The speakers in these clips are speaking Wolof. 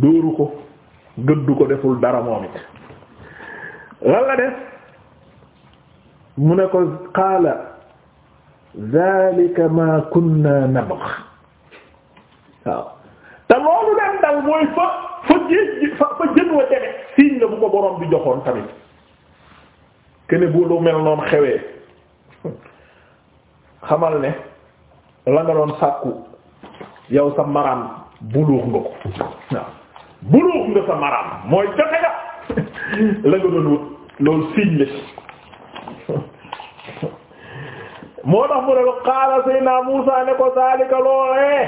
dóoru ko gëddu ko deful dara moom it lan la def mu ne ko qaala zalika ma kunna nabgh te loolu leen dal mooy fa fa jéej fa fa jën wa tene siiñ la bu ko borom bi joxoon tamit kene bu mel noon xewee xamal ne la nga doon sàkku yow sa maraam buluux nga ko waaw buluux nga sa maraam mooy joxe nga la nga wut loolu signe la moo tax mu ne qaala sayna Muusaa ne ko zaalika loolee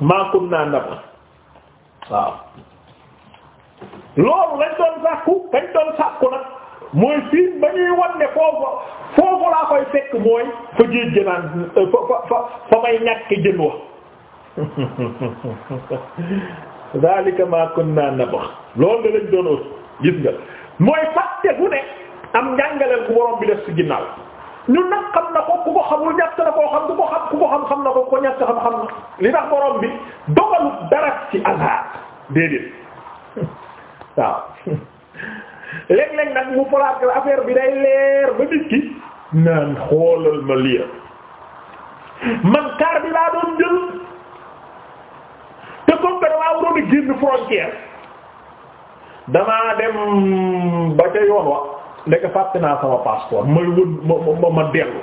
maa kunnaa nabghi waaw loolu lañ doon sàkku kañ doon sàkku nag mooy signe ba ñuy wan foofu foofu laa koy fekk mooy fa géej gënaan fa fa fa may ñàkk jën wa zalika ma kunna nabgh loolu da lañ doon ut gis nga mooy fàtte bu am njàngaleel ku borom bi def ci ginnaaw ñun nag xam na ko ku ko xamul ñett na xam ko ku ko xam xam na ko ko ñett xam-xam li tax borom bi dogalu dara ci azar déedéet waaw léeg-léeg nag mu falaat la bi day leer ba nit naan xoolal ma lii man kaar bi laa doon jël comme que damaa waroon génn frontière damaa dem ba ca yoon wa ndeke fàtte naa sama passeport may wën ma ma dellu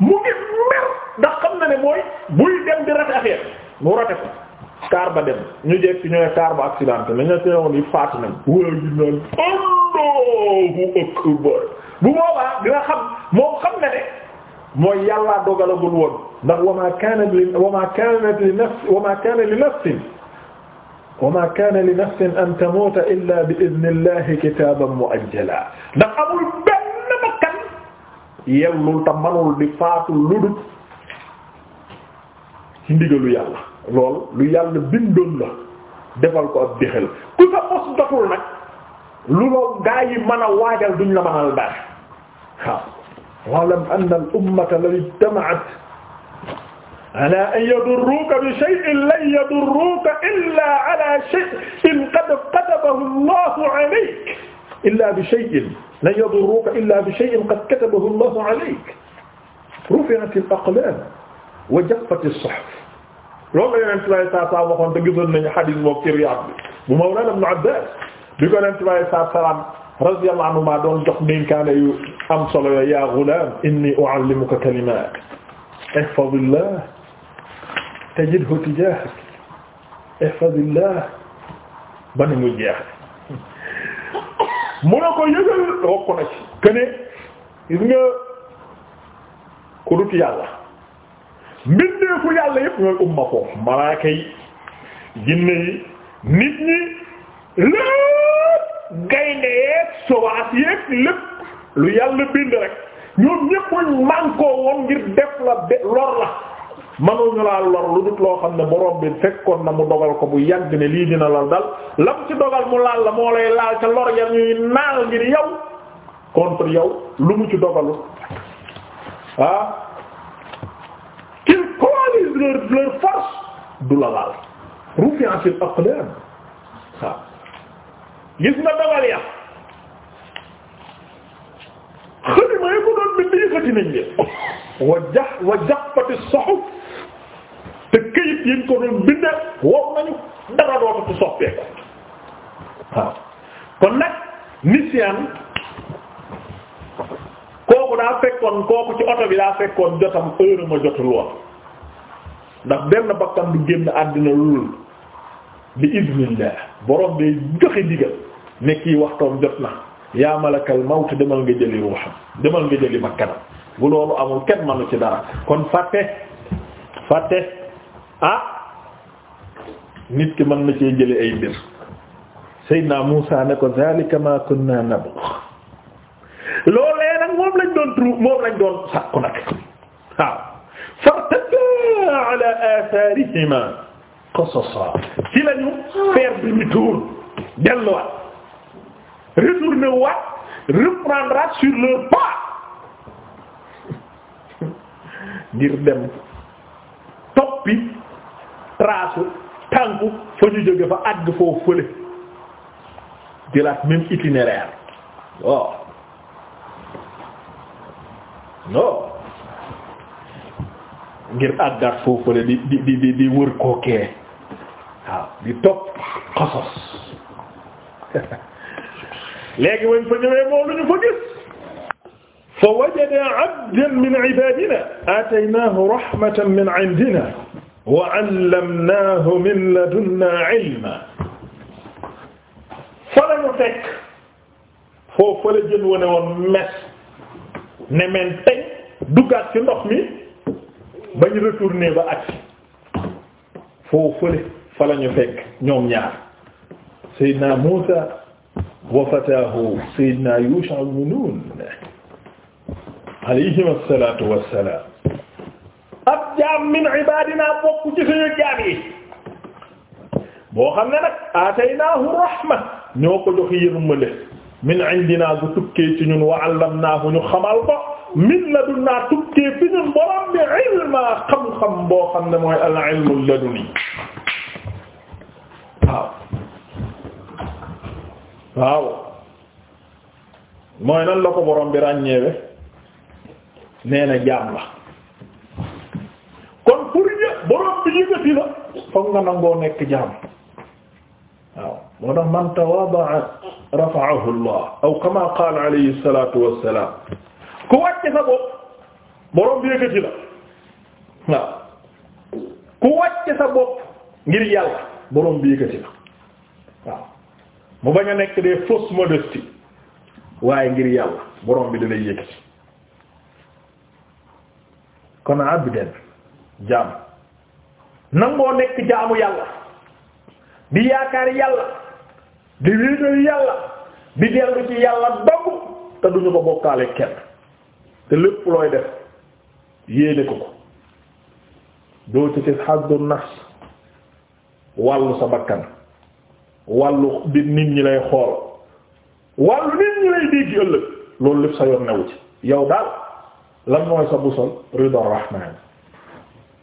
mu ngi mer ndax xam na ne mooy buy dem di rate affaire mu rate ko kaar ba dem ñu jekk ñu ne kaar ba accidenté nañu te yoon yi faat nañ waa gi bu boobaa dina xam moom xam na ne mooy yàllaa dogalagul woon ndax wa ma kaana li wa ma kaanat li nafs wa ma kaana li nafsin wa ma kaana li nafsin an tamuuta illa bi idnillahi kitaaban muajjala ndax amul benn bakkan yellul te manul di faatu ludul ci ndigalu yàlla lool lu yàlla bindoon la defal ko ab dexel ku sa mos doxul nag lu loo gaa yi mën a waajal duñ la mënal dara waaw wa'lam anna al-ummata law ijtama'at ala an yadurruka bi shay'in lan yadurruka illa ala shay'in qad katabahu Allahu alayk illa bi shay'in lan yadurruka illa bi shay'in qad katabahu Allahu alayk rufi'at al-aqlam wa jaffat as-suhuf loolu la Yonent bi sallallahu alayhi wa sallam waxoon te gisoon nañu hadiis boobu ci Riyaad bi bu Mawlaana Ibn Abbaas bi ko Yonent bi sallallahu alayhi wa sallam radiyallahu anhuma doon jox dénkaane yu am solo ya ghulam inni u'allimuka kalimat ihfazillah tajidhu tijahak ihfazillah ba ni mu jeex mu ne ko yëgal wokk na ci këne gis nga ku dut yàlla mbindeefu yàlla yëpp ñooy umma ko malaaka yi jinne yi gaynde yeeg sowaas yeeg lépp lu yàlla bind rek ñoom ñépp ñu ngir def la lor la mënuñu laa lor lu dut loo xam ne borom bi fekkoon na mu dogal ko bu yàgg ne lii dina la dal lam ci dogal mu laal la moo lay laal ca lor ya ñuy naal ngir yow contre yow lu mu ci dogalu ah qu'ils coalisent leur leur force du la laal rufi'at al aqlam waaw gis nga dogal ya xalima yi doon bind yëkkati nañ leen wa jax wa jaxpati soxuf te këyit yi ñu ko doon bind wow nañu dara dootatu soppeeku waaw kon nag nisiyaan kooku daa fekkoon kooku ci oto bi daa fekkoon jotam heure jotul woon ndax benn bakkan du génn àddina lul bi iznillah borom day joxe digal ne kii waxtoom jot na yaa malakal mawt demal nga jëli ruuxam demal nga jëli bakkanam bu loolu amul kenn manu ci dara kon fàtte fàtte ah nit ki mën na ci jëli ay mbir naa Muusa ne ko zalika ma kunna nabgh loolee nag moom lañ doon trou moom lañ doon sàkku nag waaw fartadda ala atharihima qasasa ci lañu faire demi-tour retourner waat reprendre sur leur pas ngir dem toppi trace tànku fa ñu jóge fa àgg foofu fële jëlaat même itinéraire waaw oh. non ngir àggaat foofu fële di di di di wër kookee waaw di topp xasas léegi wañ fa ñëwee moo lu ñu fa gis fa wajada abdan min ibadina ataynahu rahmatan min indina wa allamnahu min ladunna ilma fa lañu fekk foofu la jën wane woon mes ne men tey duggaat ci ndox mi bañ retourner ba agsi foofu la fa la ñu fekk ñoom ñaar Seydina Muusa wa fataahu Seydina Yuusha ibn Nuun alayhim assalaatu wassalaam ab jaam min ibaadinaa bokk ci suñu jaam yi boo xam ne nag aataynaahu rahma ñoo ko jox yërmande min indinaa bu tukkee ci ñun wa allamnaahu ñu xamal ko min ladunnaa tukkee fi ñun borom bi ilma xam-xam boo xam ne mooy al ilmu laduni waaw waaw mooy nan la ko borom bi ràññeewe nee na jaam la kon pour borom bi yëkkati la foog nga nangoo nekk jaam waaw moo tax man tawadaa rafa'ahu Allah aw kama qaala alayhi salatu wassalam ku wàcc sa bopp borom bi yëkkati la waaw ku wàcc sa bopp ngir yàlla borom bi yëkkati la waaw mu bañ a nekk des fausses waaye ngir yàlla borom bi dalay yëkkati kon abden jaam nangoo nekk jaamu yàlla di yaakaar yàlla di wéetal yàlla di dellu ci yàlla dogg te duñu ko bokkaale kenn te lépp looy def yéene ko ko doo ci ci haddu wàllu sa bakkan wàllu bi nit ñi la xool wàllu nit ñi lay dégg ëllëg loolu sa yoon newu ci yow daal lan mooy sa busal rida rahman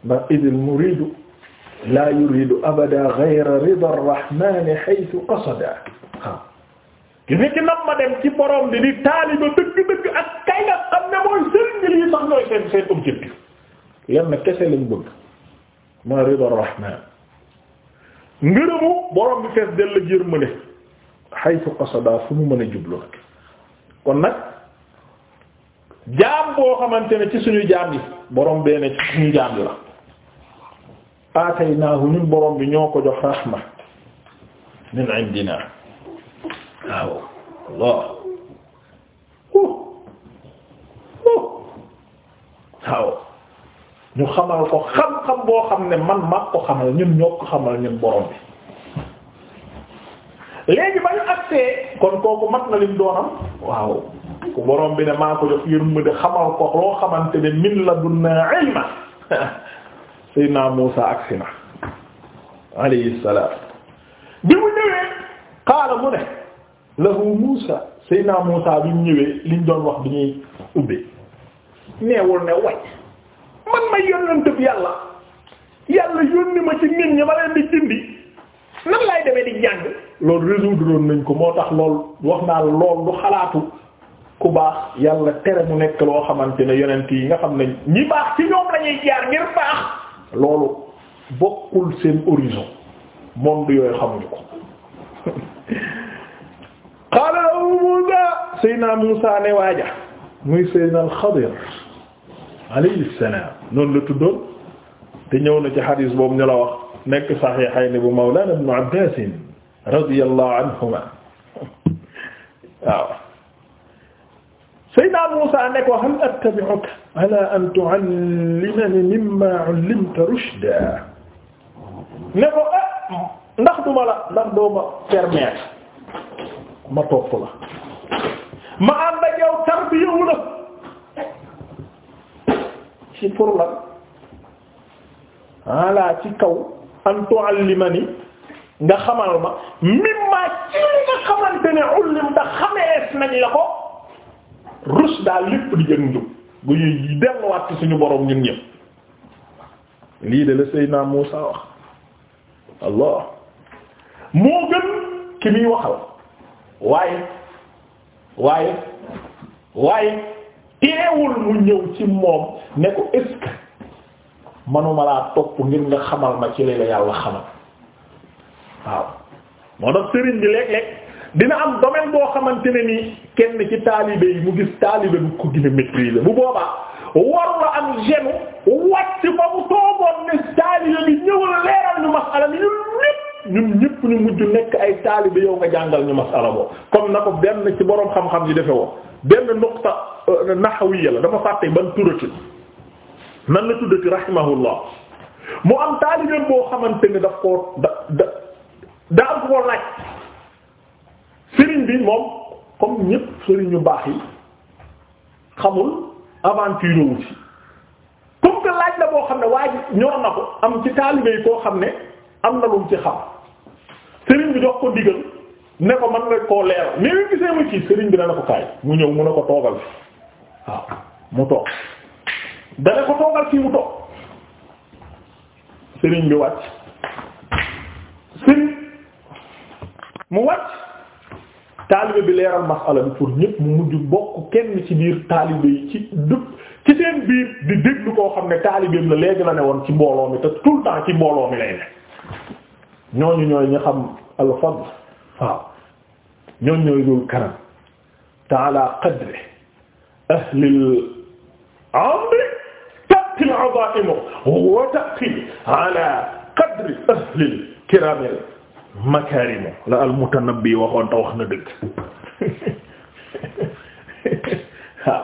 ndax idil muridu la yuridu abada ghayra rida rahman haythu qasada waaw ki ni ki nam dem ci borom bi di taaliba dëgg-dëgg ak kay nga xam ne mooy sëriñ bi lii sax ñooy seen seen objectif lenn kese lañ bëgg mooy rida rahman ngërëmu borom bi fees dell jër mëne haythu qasada fu mu mën a jublu nag kon nag jaam boo xamante ne ci suñu jaam yi borom bee ne ci suñu jaam yi la aataynaahu ñun borom bi ñoo ko jox rahma min indina waaw Allah waaw ñu xamal ko xam-xam boo xam ne man maa ko xamal ñun ñoo ko xamal ñun borom bi léegi ba ñu agsee kon kooku mat na lim doonam waaw ku borom bi ne maa ko jox yërmande xamal ko loo xamante ne min ladunna ilma Seydina Muusa na alayhi salaam bi mu ñëwee qaala ne lahu Muusa Seydina Muusa bi mu ñëwee liñ doon wax bi ñuy ubbe neewul ne way man ma yónnantub yàlla yàlla yónni ma ci nit ñi ma leen di jindi nan laay demee di jàng loolu résoudre woon nañ ko moo tax lool wax naa lool lu xalaatu ku baax yàlla tere mu nekk loo xamante ne yonent yi nga xam ne ñi baax ci ñoom lañuy jaar ngir baax loolu bokkul seen horizon monde yooyu xamuñu ko qaala Musa Seydina Musa ne waaja muy Seydina al Xadir alayhi salaam noonu la tuddoon te ñëw na ci xadiis boobu ñu la wax nekk saxiixayni bu mawlaana ibnu Abbaas radiyallahu anhuma waaw Seydina Muusaa ne ko hal attabi'uka ala an tu'allimani mimmaa 'ullimta rushdaa ne ko ah ndax duma la ndax doo ma permettre ma topp la ma ànd ak yow tarbiyawu la ci pour lan ala ci kaw an tu'allimani nga xamal ma mimma ci li nga xamante ne ullim da xamees nañ la ko rus daal lépp di jëg njub bu ñuy delluwaat ci suñu borom ñun ñëpp lii de la Seydina Muusa wax Allah moo gën ki muy waxal waaye waaye waaye teewul mu ñëw ci moom ne ko est-ce que manuma laa topp ngir nga xamal ma ci li la yàlla xamal waaw moo tax sëriñ bi léeg-léeg dina am domaine boo xamante ne ni kenn ci taalibe yi mu gis taalibe bu ko gën a bu boobaa waru la am genu wàcc ba mu toogoon ne taalibe bi ñëwal leeral ñu masala mi ñu lépp ñun ñëpp ñu mujj nekk ay taalibe yow nga jàngal ñu masala boo comme na ko benn ci boroom xam-xam yi defe woon benn nuqta euh, naxawiya la dafa fàtte ban turati nan la tuddati rahimahullah mu am taalibeem boo xamante ni daf ko da da da am koo laaj sëriñ bi moom comme ñëpp sëriñ ñu baax yi xamul aventure wu comme que laaj la boo xam ne waa ji ñor na ko am ci taalibe koo xam ne am na lu ci xam sëriñ bi jox ko digal ne ko man nga koo leer mais bi gisee mu ci sëriñ bi dana ko kaay mu ñëw mu ne ko toogal fi waaw mu toog dana ko toogal fii mu toog sëriñ bi wàcc sëriñ mu wàcc taalibe bi leeral masala bi pour ñépp mu mujj bokk kenn ci biir taalibe yi ci du ci seen biir di déglu koo xam ne taalibeem la léegi la ne woon ci mbooloo mi te tout le temps ci mbooloo mi lay ne ñooñu ñooy ñu xam al-fadl waaw ñooñu ñooy dul kanam te ala qadri ahlil amri ta'ti al-'azaa'imu wa ta'ti ala qadri ahlil kiraam al-makaarimu la al-mutanabbi waxoon wax na dëgg waaw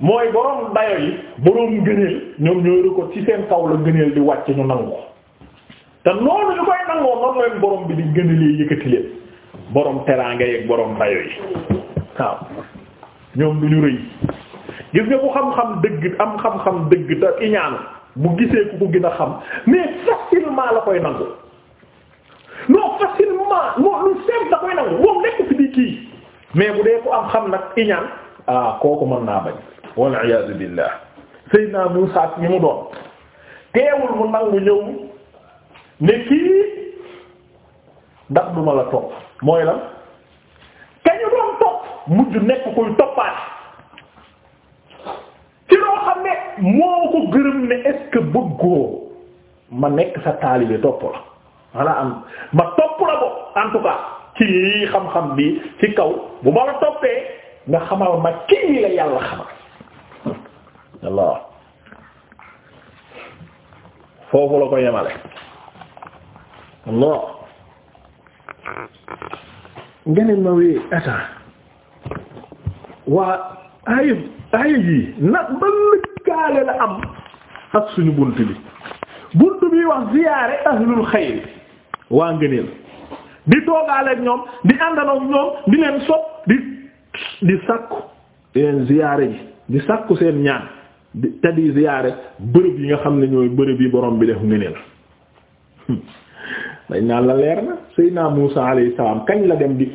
mooy borom dayo yi borom gëneel ñoom ñooy ko ci seen kaw la gëneel di wàcc ñu nangu ko te noonu ñu koy nangoo noonu leen borom bi di gën a lee yëkkati leen borom teraanga yeeg borom dayo yi waaw ñoom du ñu rëy gis nga bu xam-xam dëgg am xam-xam dëgg te iñaanu bu gisee ku ko gën a xam mais facilement la koy nangu non facilement non seet da koy nangu moom nekk fi di kii mais bu dee ku am xam nag iñaan ah kooku mën naa bañ wal iyaadu billah Seydina Muusaa ak ñi mu doon teewul mu nangu ñëw ne kii ndax du ma la topp mooy la kañu doon topp mujj nekk koy toppaat ci loo xam ne moo ko gërëm ne est bëggoo ma nekk sa taalibe topp la walla am ma topp la bo en tout cas xam-xam bi ci kaw bu ma la toppee nga xamal ma kii la yàlla xamal Allah foofu la ko yemale Allah nga ma wee attends waa aaya aaya yi nag ba lëkkaale la am ak suñu bunt bi bunt bi wax ziyaare ahlul xayri waa ngëneel di toogaaleek ñoom di àndanook ñoom di leen sopp di di sàkku di leen ziyaare ji di sàkku seen ñaan di te ziyaare bërëb yi nga xam ne ñooy bërëb yi borom bi def ngëneel dañ naan la leer na Seydina Muusa alayhi salaam kañ la dem di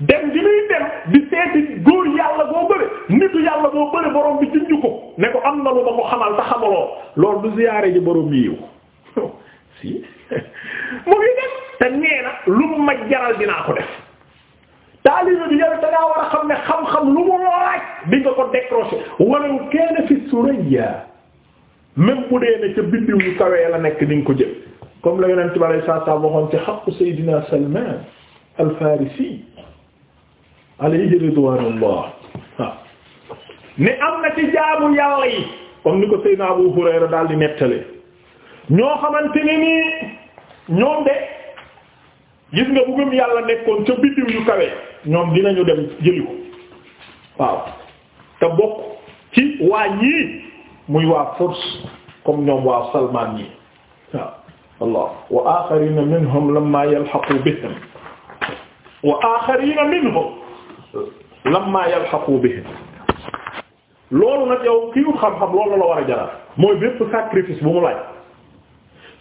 dem di muy dem di seeti góor yàlla boo bëre nitu yàlla boo bëre borom bi junj ko ne ko am na lu ma ko xamal te xamaloo loolu du ziyaare ji borom bi yiw mu ngi def te nee lu mu ma jaral dinaa ko def taalibe bi yow dangaa war a xam ne xam-xam lu mu laaj di nga ko décrocher walaw kaana fi suraya même bu dee ne ca biddiw yu kawee la nekk di nga ko jël comme la yonent bi alayhi salaam waxoon ci xaqu Seydina Salman al-Farisi alayhi ridwaanullah ne am na ci jaamu yàlla yi comme ni ko Seydina Abu Hurayra daal di nettale ñoo xamante ni nii ñoom de gis nga bu gëm yàlla nekkoon ca biddiw yu kawe ñoom dinañu dem jëli ko waaw te bokk ci waa ñii muy waa force comme ñoom waa Salman yi waaw. Allah wa axarina minhum lamma yalhaqu bihim wa axarina minhum lamma yalhaqu bihim loolu nag yow kii xam-xam loolu la war a jaral mooy bépp sacrifice bu mu laaj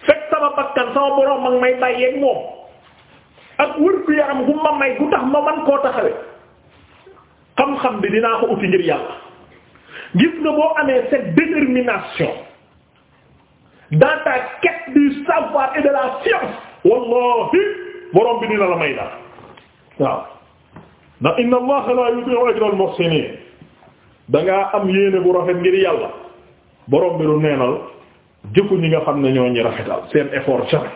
fekk sama bakkan sama borom mag may bàyyeeg moom ak wër gu yaram gu ma may gu ma man koo taxawee xam-xam bi dinaa ko uti ngir yàlla gis nga boo amee cette détermination dans ta quête du savoir et wallahi borom bi dina la may dara waaw ndax inna allaha la yudi'u ajra al muhsinin dangaa am yéene bu rafet ngir yàlla borom bi du neenal jëfu ñi nga xam ne ñoo ñi rafetal seen effort jamais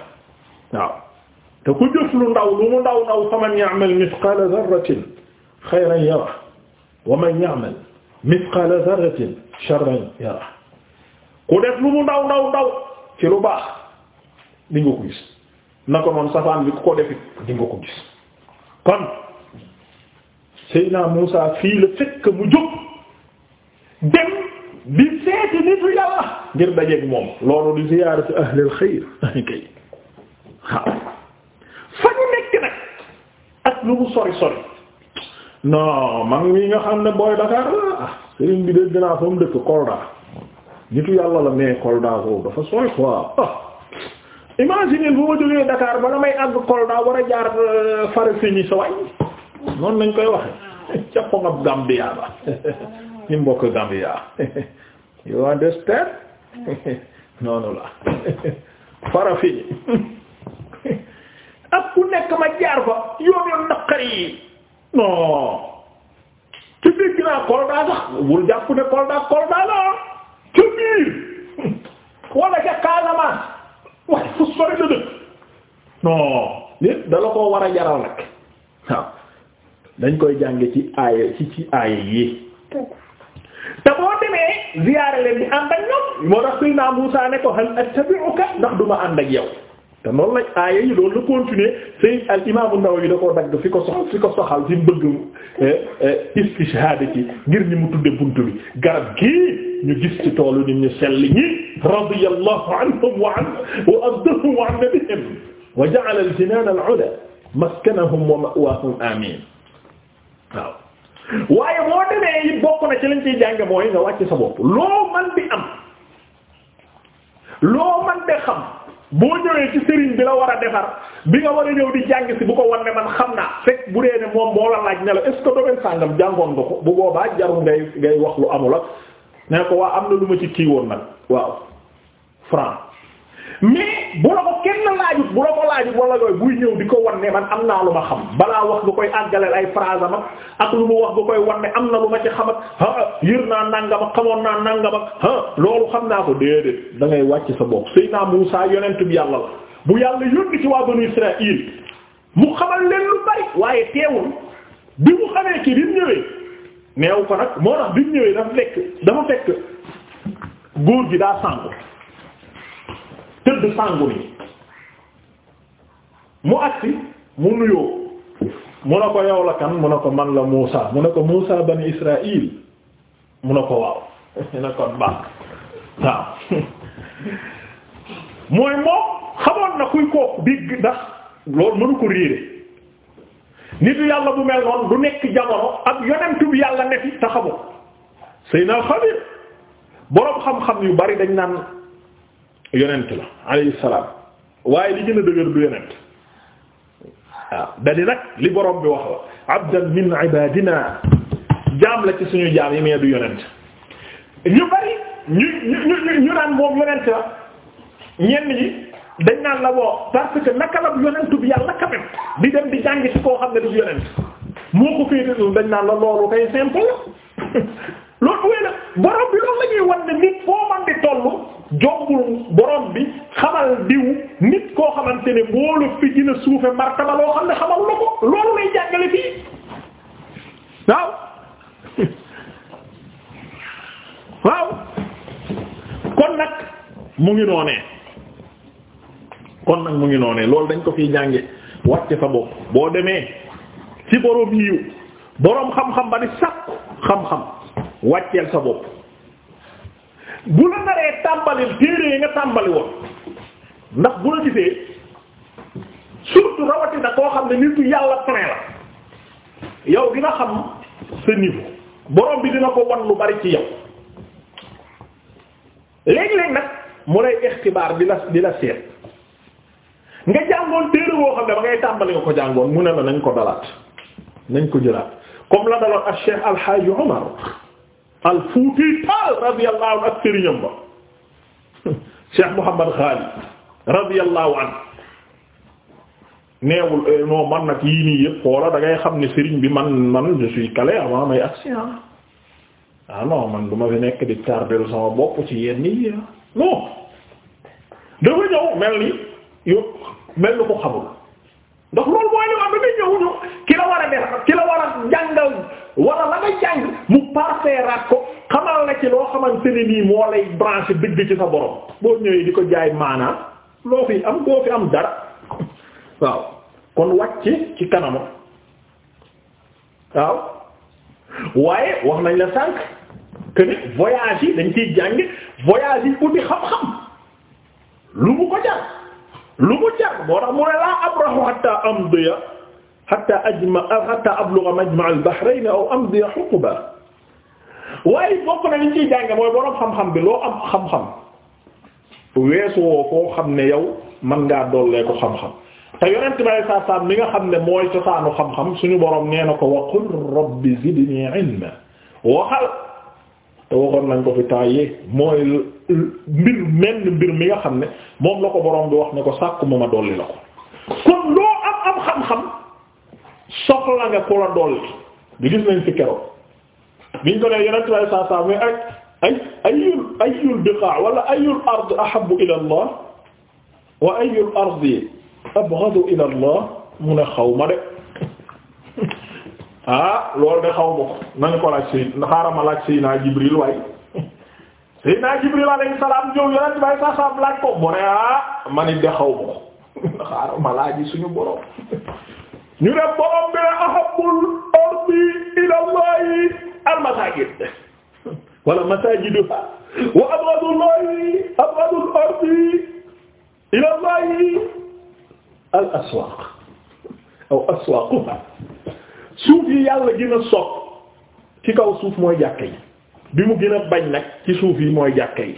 waaw te ku jëf lu ndaw lu mu ndaw ndaw fa man ya'mal mithqala dharratin khayran yara wa man ku def lu ndaw ndaw ndaw ci lu baax di ko gis na ko noonu safaan bi ku ko defit ko gis kon Seydina Muusa fii la fekk mu jóg dem di seeti nitu yàlla ngir dajeek moom loolu di ziyaarati ahlil xayr kay fa ñu nekk nag ak lu mu sori sori non man mii nga xam ne booy Dakar la sëriñ bi dégg naa fa mu dëkk Kolda nitu yàlla la mais Kolda boobu dafa sori quoi imagine bu ma jógee Dakar ba damay àgg Kolda war a jaar euh, Farafenni sa waay noonu lañ koy waxe ca ak ku nekk ma jaar fa yoon yoon naqar yi non ci dégg naa Kolda sax wul jàpp ne Kolda Kolda la ca biir wala ca waaye fu sori la dëkk non nit dala koo war a jaral nag dañ koy jànge ci aaya ci ci aaya yi te boo demee ziyaare leen bi ànd ak ñoom moo tax Seydina Muusaa ne ko hal attabi'uka ndax duma ànd ak yow te noonu lañ aaya yi loolu la continuer sëy al imam an-Nawawi da koo dagg fi ko sox fi ko soxal ci bëgg eh, eh, istishhaad ci ngir ñi mu tudde bunt bi garab gii ñu gis ci toolu nit ñu sell ñi radiyallahu anhum wa an wa ardahum wa an nabihim wa ja'ala al-jinaan al-'ulaa maskanahum wa ma'waahum amiin waaw waaye boo demee yi bokk na ci lañ ciy jànge mooy nga wàcc sa bopp loo man di am loo man di xam boo ñëwee ci sëriñ bi la war a defar bi nga war a ñëw di jàng si bu ko wan ne man xam naa fekk bu dee ne moom moo la laaj ne la est ce que domaine sàngam jàngoon nga ko bu boobaa jarul ngay ngay wax lu amul ak ne ko waa am na lu ma ci kii woon nag waaw franc mais bu la ko kenn laajut bu la ko laajut buy ñëw di ko wan man am naa lu ma xam balaa wax nga koy àggaleel ay phrase am ak lu ma wax nga koy wan ne am na lu ma ci xam ak ah yër naa nangam ak xamoon naa nangam ak ah loolu xam naa ko déedéet da ngay wàcc sa bopp Seydina Muusaa yonent bi yàlla la bu yàlla yónni ci waa banu Israël mu xamal leen lu bari waaye teewul bi mu xamee ki bi mu ñëwee neew ko nag moo tax di mu ñëwee dafa fekk dafa fekk góor gi daa tëdd sangu ni mu agsi mu nuyoo mu ne ko yow la kan mu ne ko man la Muusa mu ne ko Muusa bani Israil mu ne ko waaw mu ne kon waaw mooy moom xamoon na kuy kooku digg ndax loolu mënu ko réere nitu yàlla bu mel noonu du nekk jamono ak yonentu yàlla ne te xamu Seydina Xadir boroom xam-xam yu bari dañ naan yonent la alayhi salaam waaye li gën a dëgër du yonent waaw dali nag li borom bi wax la abdan min ibadina jaam la ci suñu jaam yi mais du yonent ñu bari ñu ñu ñu naan moom yonent la ñenn ñi dañ naan la woo parce que naka la yonent bi yàlla quand même di dem di jàngi ci koo xam ne du yonent moo ko féetee dañ naan la loolu kay simple loolu bu wéy borom bi loolu la ñuy wan ne nit foo man di tollu jombul borom bi xamal diw nit koo xamante ne mboolu loolu lay jàngale fii waaw waaw kon nag mu ngi noonee kon nag mu ngi noonee loolu dañ ko fiy jànge wàcce sa bopp boo demee ci borom yiw borom xam-xam ba di sàkku xam-xam. wàcceel sa bopp bu la naree tàmbalil téere yi nga tàmbali woon ndax bu la gisee surtout rawatina koo xam ne nitu yàlla train la yow dina xam sa niveau borom bi dina ko wan lu bari ci yow léegi-léegi nag mu lay ixtibaar di la di la seet nga jàngoon téere boo xam ne ba ngay tàmbali nga ko jàngoon mu ne la nañ ko dalaat nañ ko jëlaat comme la daloon al Cheikh Al Hadj al Fuuti Taal radiyallahu anhu ak ba Cheikh Mouhamad Khalid radiyallahu anhu neewul eh, non man nag yii nii yëpp xoola da xam ne sëriñ bi man man je suis calé avant may accident ah non man du ma fi nekk di tardel sama bopp ci yenn yi ah. non dafa ñëw mel ni yow mel ni ko xamul ndax loolu mooy li ma am da ngay ñëw ñu ci loo xamante ne nii moo lay branché dëgg ci sa borom boo ñëwee di ko jaay maanaam loo fi am boo fi am dara waaw kon wàcc ci kanama waaw waaye wax nañ la sànq que ni voyage yi dañ ciy jàng voyage yi uti xam-xam lu mu ko jar lu mu jar moo tax mu ne laa abrahu hatta amdiya hatta ajma hatta ablugha majma al-bahrayn aw amdiya waaye bokk na liñ jànge mooy borom xam-xam bi loo am xam-xam weesu foo xam ne yow man ngaa dollee ko xam-xam te yonent bi saa saa mi nga xam ne mooy cosaanu xam-xam suñu borom nee na ko wa qul rabbi zidni ilma waxal te nañ ko fi taayee mooy mbir mi nga xam ne moom la ko borom bi wax ne ko sàkk mu ma dolli la ko kon loo am am xam-xam soxla nga ko la dolli di gis nañ fi keroog. biñ ko nee yonent bi saa saa muy ay ay ayul ayul biqaa wala ayul ard ahabbu ila allah wa mu ne xaw ma de ah loolu de xaw ma ko nañu ko laaj si na ma laaj Seydina Jibril waaye Seydina Jibril alayhi salaam ñëw yonent bi saa laaj ko mu ne ah man it de xaw ko xaaral ma laaj suñu borom. ñu ne borom bi ahabbul ardi ila allah al masajid wala masajiduha wa abghadul lahi abghadul ardi al aswaq aw aswaquha suuf yi yàlla gën a sopp ci kaw suuf mooy jàkka yi bi mu gën a bañ nag ci suuf yi mooy jàkka yi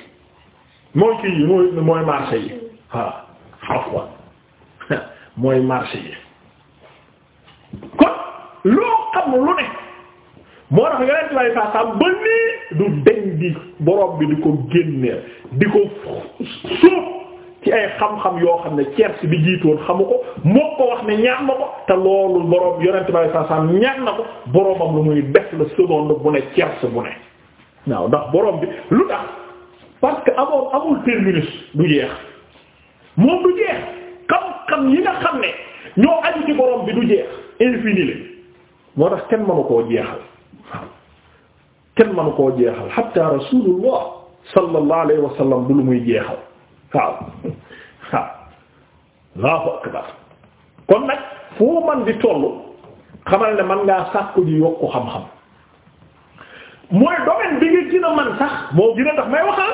mooy kii yi mooy mooy marché yi waaw afwan mooy marché yi kon loo xam lu ne moo tax yeneen lay saa saa du deñ di borom bi di ko génneel di ko suuf ci ay xam-xam yoo xam ne cerce bi jiitoon xamu ko moo ko wax ne ñaan na ko te loolu borom yonent ba saa saa ñaan na ko boromam lu muy def la seconde bu ne cerce bu ne waaw ndax borom bi lu tax parce que amoon amul terminus du jeex moom du jeex xam-xam yi nga xam ne ñoo aju ci borom bi du jeex infini moo tax kenn mënu koo jeexal kenn mënu koo jeexal hatta rasulullah sallallahu alayhi wa sallam du lu muy jeexal waaw waaw allahu akbar kon nag foo man di toll xamal ne man ngaa sàkku ji yokku xam-xam mooy domaine bi nga gën man sax moo gën a tax may waxal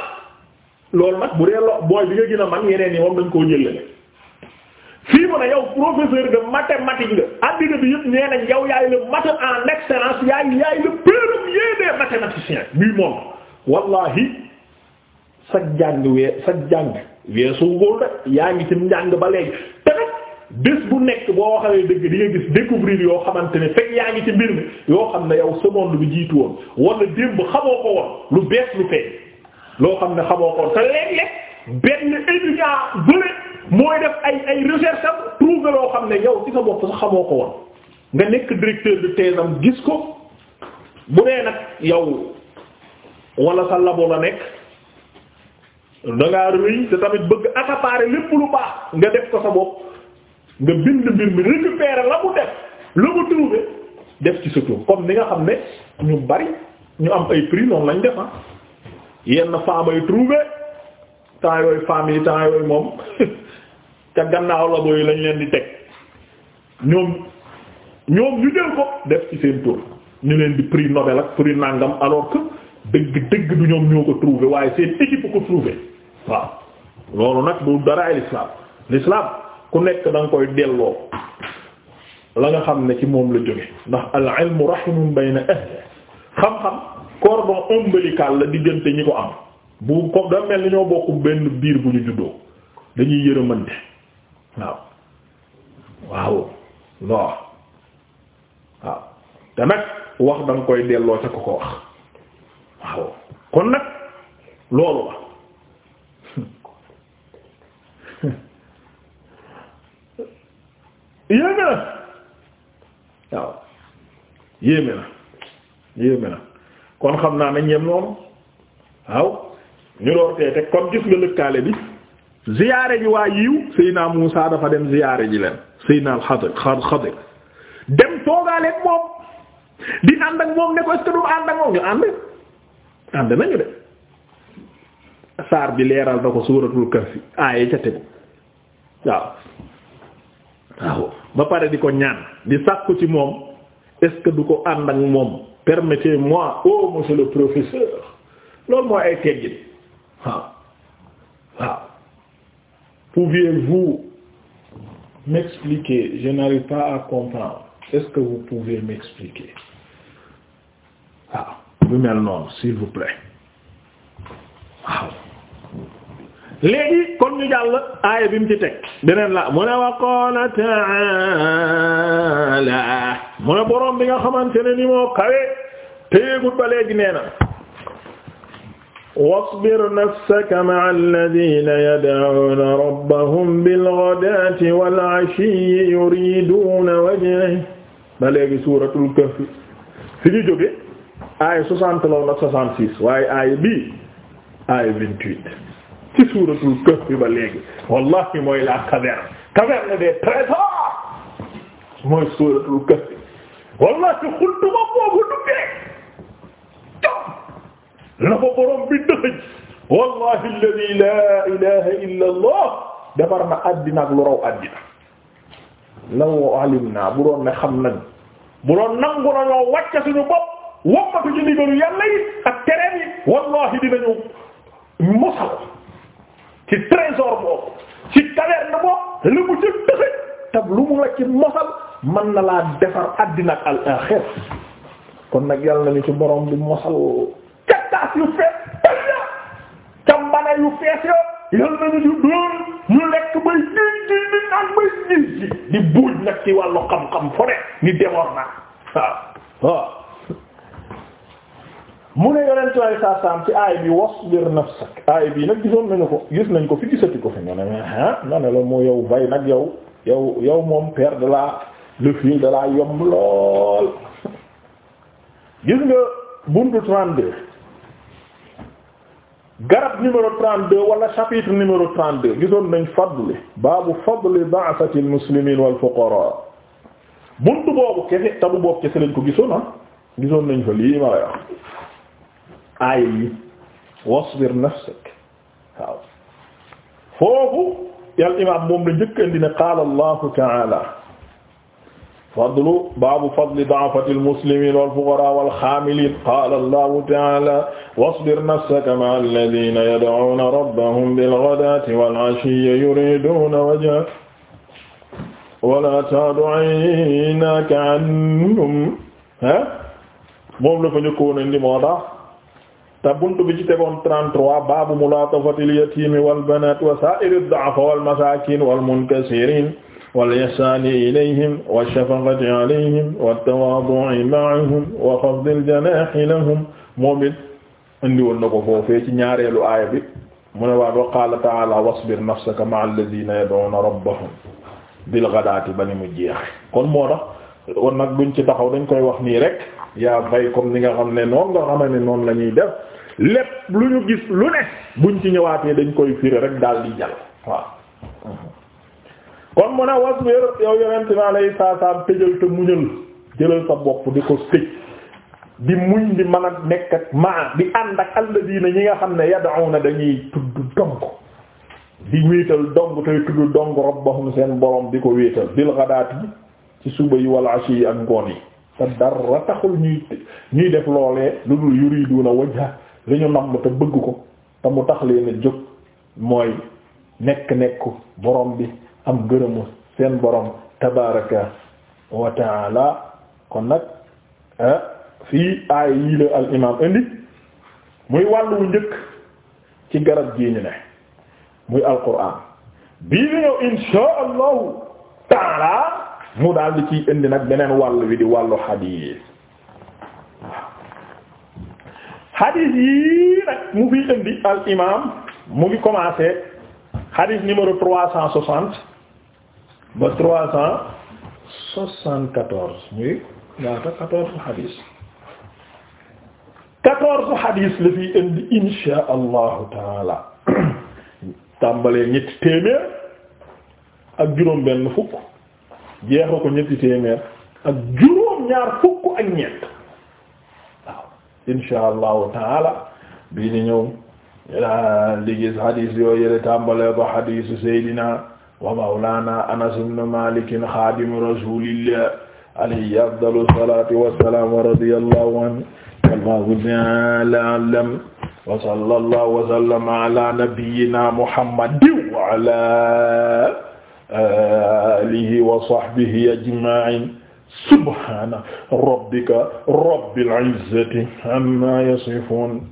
loolu nag bu dee lo booy bi nga gën a man yeneen yi moom dañ koo jëlale fii mu ne yow professeur de mathématique la addina bi yëpp nee yaw yow yaay le mathé en excellence yaay yaay le premier des mathématiciens du monde wallahi sa jàng wee sa jàng weesu góor de yaa ngi ci njàng ba léegi te nag bés bu nekk boo xamee dëgg di nga gis découvrir yoo xamante ne fekk yaa ngi ci mbir mi yoo xam ne yow sa monde bi jiitu woon wala démb xamoo ko woon lu bees lu feeñ loo xam ne xamoo ko woon te léeg-léeg benn éducat bële. mooy def ay ay recherche am loo xam ne yow ci sa bopp sax xamoo ko woon nga nekk directeur de thèse am gis ko bu dee nag yow wala sa labo la nekk da ngaa rëy te tamit bëgg accaparer lépp lu baax nga def ko sa bopp nga bind mbir mi la mu def la mu trouver def ci sa tur comme ni nga xam ne ñu bari ñu am ay prix noonu lañ def ah yenn femmes trouver temps yooyu femmes yi temps yooyu moom. ca gannaaw la booy lañ leen di teg ñoom ñoom ñu jël ko def ci seen tur ñu leen di prix Nobel ak prix Nangam alors que dëgg dëgg du ñoom ñoo ko trouvé waaye seen équipe ko trouvé waaw loolu nag du dara ay l'islam ku nekk da koy delloo la nga xam ne ci moom la jóge ndax al ilmu rahimun bayna ahli xam-xam cordon ombilical la diggante ñi ko am bu ko da mel ni ñoo bokk benn biir bu ñu juddoo dañuy yërëmante waaw waaw lo waaw te nag wax da koy delloo ca ko ko wax waaw kon nag loolu la yéeme na waaw yéeme na yéeme na kon xam naa nañ yem noonu waaw ñu door tee teg kon gis nga lëkkaale bi ziyaare ji waa yiw Seydina Muusa dafa dem ziyaare ji leen Seydina al-Xadir Xadir dem toogaale ak moom di ànd ak moom ne ko est-ce ànd ak moom ñu ànd saar bi leeral na ko suuratul Kahfi aaye ca tegu waaw waaw ba pare di ko ñaan di sàkku ci moom est du ko ànd ak moom permettez-moi oh monsieur le professeur loolu mooy ay teggin waaw Pouviez-vous m'expliquer? Je n'arrive pas à comprendre. Est-ce que vous pouvez m'expliquer? Ah, lu mel noonu s'il vous plaît. waaw léegi kon ñu jàll aaya bi mu ci teg beneen la mu ne wa qaala ta'ala mu ne boroom bi nga xamante ne ni moo kawe téegut ba léegi nee na wasbir nafsaka ma'a alladhina yad'una rabbahum bil-ghadaati wal-'ashiyyi yuriduuna wajhahu ba léegi suuratul kahf fi ñu jóge aaya soixante la woon ak soixante six waaye aaya bii aaya vingt-huit ci suuratul kahf ba léegi wallahi mooy la caverne caverne des trésors mooy suuratul kahf wallahi xultu ma boobu duggee la ko borom bi dëxëj wallahi alladhi illa allah defar na àddina ak lu raw àddina law alimna bu doon ne xam nañ bu doon nangu nañoo wàcce suñu bopp wommatu ci ndigalu yàlla yi ak tereem yi wallahi dinañu mosal ci trésor boobu ci caverne boobu li mu ci dëxëj tab lu mu la ci mosal mën na laa defar àddina ak al aaxir kon nag yàlla na ci borom bi mosal saas yu fees tëj la ca mbana ñu dóor ñu lekk bay jiiñ ji di naan bay jiiñ ji di buuj nag ci wàllu xam-xam fu ne ni demoor naa waaw mu ne yonentu ay saa saam ci aay bi wasbir nafsak aay bi nag gisoon nañu ko gis nañ ko fi gisati ko fi nga ne ah ne la moo yow bay nag yow yow yow moom père de la le fil yomb lool gis nga buntu 32 garab numéro 32 wala chapitre numéro 32 gisoon nañ fadle baabu fadle ba'sati al wal fuqara buntu boobu kese tabu boobu kese lañ ko gisoon ah gisoon nañ fa lii ma lay wax aaya yi wasbir nafsak waaw imaam moom la njëkk andi ne qaala allahu taala fadlu baabu fadli da'fati al-muslimiin wal-fuqaraa wal-haamiliin qaala Allahu ta'aalaa wasbir nafsaka ma'a allaziina yad'uuna rabbahum bil-ghadaati wal-'ashiyyi yuriiduuna wajhahu wa laa ta'du 'aynaaka 'anhum moom la fa njëkkoon indi moo tax te buntu bi ci tegoon 33 baabu mulaatafati al-yatiimi wal-banaat wa saa'iri ad-du'afaa wal-masaakiin wal-munkasiriin والإحسان إليهم والشفقة عليهم والتواضع معهم وخفض الجناح لهم moom it indi woon na ko foofee ñaareelu aaya bi mu ne waat wa qaala ta'aala wasbir nafsaka ma'a allaziina yad'uuna rabbahum bil ghadaati ba ni mu jeex kon moo tax kon nag duñ ci taxaw dañ koy wax nii rek yaa bay comme ni nga xam ne noonu nga xam ne noonu la ñuy def lépp lu ñu gis lu ne buñ ci ñëwaatee dañ koy firi rek daal di jàll kon mu ne wasbir yow yonent bi alayhi salaam tëjal te muñal jëlal sa bopp di ko tëj di muñ di mën a nekk ak di ànd ak alladina ñi nga xam ne na dañuy tudd dong di wéetal dong tey tudd dong rabbahum seen borom di ko wéetal bil ghadati ci suba yi wal ashi yi ak ngoon yi te dara taxul ñuy ñuy def loolee lu dul yuriduna wajha li ñu namm te bëgg ko te mu tax leen a jóg mooy nekk nekk borom bi am gërëmu seen borom tabaraka wa taala kon nag fii aay yii la al imam indi muy wàllu wu njëkk ci garab gii ne muy alquran bii li insha allahu taala mu daal di ciy indi nag beneen wàll wi di wàllu xadiis xadiis yii nag mu fi indi al imam mu ngi commencé xadiis numéro trois cent soixante ba trois cent soixante-quatorze muy ñaata quatorze xadiis quatorze xadiis la fi indi insha allahu taala tàmbalee ñetti téeméer ak juróom benn fukk jeexu ko ñetti téeméer ak juróom ñaar fukk ak ñett waaw insha allahu taala bii ni ñëw yaa xadiis yooyu yële tàmbalee ko xadiisu seydina wa mawlaana anas ibn malik xaadimu rasuulillah alayhi afdalu salaatu wa salaam wa radiyallahu anhu wallahu ta'ala a'lam wa sallallahu wa sallama ala nabiyyina muhammadin wa ala alihi wa sahbihi ajma'in subhana rabbika rabbil izzati amma yasifun